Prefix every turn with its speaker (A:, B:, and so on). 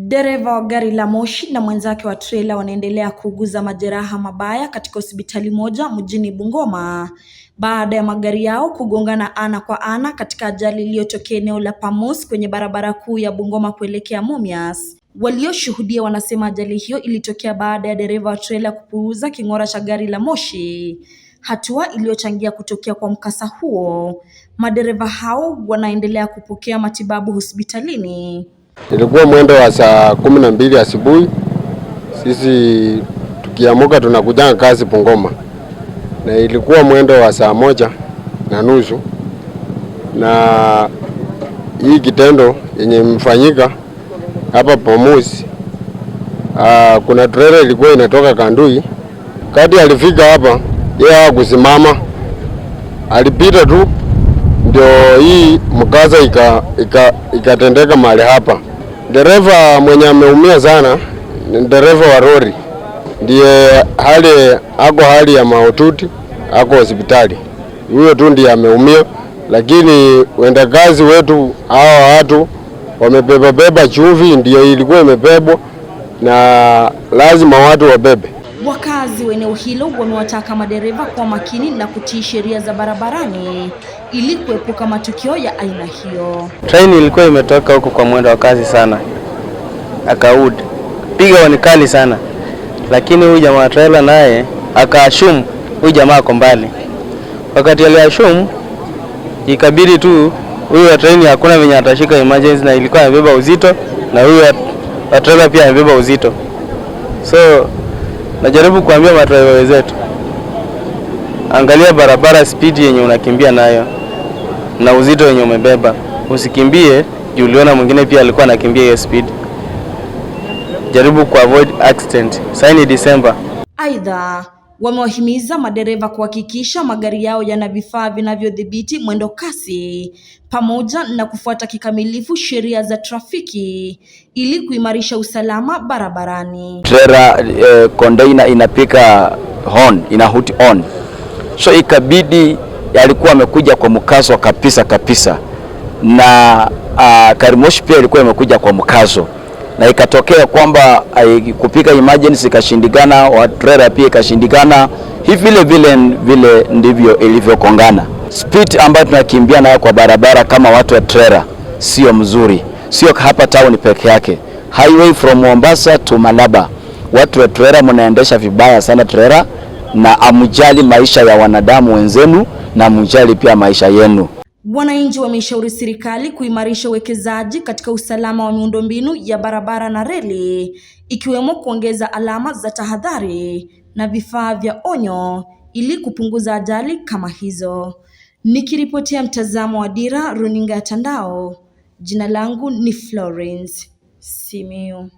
A: Dereva wa gari la moshi na mwenzake wa trela wanaendelea kuuguza majeraha mabaya katika hospitali moja mjini Bungoma baada ya magari yao kugongana ana kwa ana katika ajali iliyotokea eneo la Pamos kwenye barabara kuu ya Bungoma kuelekea Mumias. Walioshuhudia wanasema ajali hiyo ilitokea baada ya dereva wa trela kupuuza king'ora cha gari la moshi hatua iliyochangia kutokea kwa mkasa huo. Madereva hao wanaendelea kupokea matibabu hospitalini.
B: Ilikuwa mwendo wa saa kumi na mbili asubuhi, sisi tukiamuka tunakujanga kazi pungoma na ilikuwa mwendo wa saa moja na nusu na hii kitendo yenye mfanyika hapa Pomusi. Aa, ah, kuna trailer ilikuwa inatoka Kandui, kati alifika hapa yeye akusimama, alipita tu ndio hii mkasa ikatendeka ika, mahali hapa. Dereva mwenye ameumia sana ni dereva wa lori, ndiye hali ako hali ya mahututi, ako hospitali. Huyo tu ndiye ameumia, lakini wendakazi wetu hawa watu wamebebabeba chumvi, ndiyo ilikuwa imebebwa na lazima watu wabebe.
A: Wakazi wa eneo hilo wamewataka madereva kuwa makini na kutii sheria za barabarani ili kuepuka matukio ya aina hiyo.
C: Treni ilikuwa imetoka huko kwa mwendo wa kasi sana, akaud piga wanikali sana, lakini huyu jamaa trailer naye akaashum huyu jamaa ako mbali. Wakati aliashum ikabidi tu huyu wa treni hakuna venye atashika emergency, na ilikuwa amebeba uzito na huyu wa trailer pia amebeba uzito so Najaribu kuambia madereva wenzetu, angalia barabara, spidi yenye unakimbia nayo na uzito wenye umebeba. Usikimbie juu uliona mwingine pia alikuwa anakimbia hiyo spidi. Jaribu kuavoid accident. Sasa ni
A: Aidha Wamewahimiza madereva kuhakikisha magari yao yana vifaa vinavyodhibiti mwendo kasi pamoja na kufuata kikamilifu sheria za trafiki ili kuimarisha usalama barabarani.
D: Trailer eh, inapika horn, ina hoti on, so ikabidi alikuwa amekuja kwa mkazo kabisa kabisa, na uh, karimoshi pia ilikuwa imekuja kwa mkazo na ikatokea kwamba eh, kupika emergency ikashindikana, trailer pia ikashindikana. Hivi vile vile vile ndivyo ilivyokongana. Speed ambayo tunakimbia nayo kwa barabara kama watu wa trera sio mzuri, sio hapa town peke yake, highway from Mombasa to Malaba, watu wa trera mnaendesha vibaya sana trera, na amujali maisha ya wanadamu wenzenu na mujali pia maisha yenu.
A: Wananchi wameishauri serikali kuimarisha uwekezaji katika usalama wa miundombinu ya barabara na reli, ikiwemo kuongeza alama za tahadhari na vifaa vya onyo ili kupunguza ajali kama hizo. Nikiripotia mtazamo wa Dira Runinga ya Tandao, jina langu ni Florence Simiyu.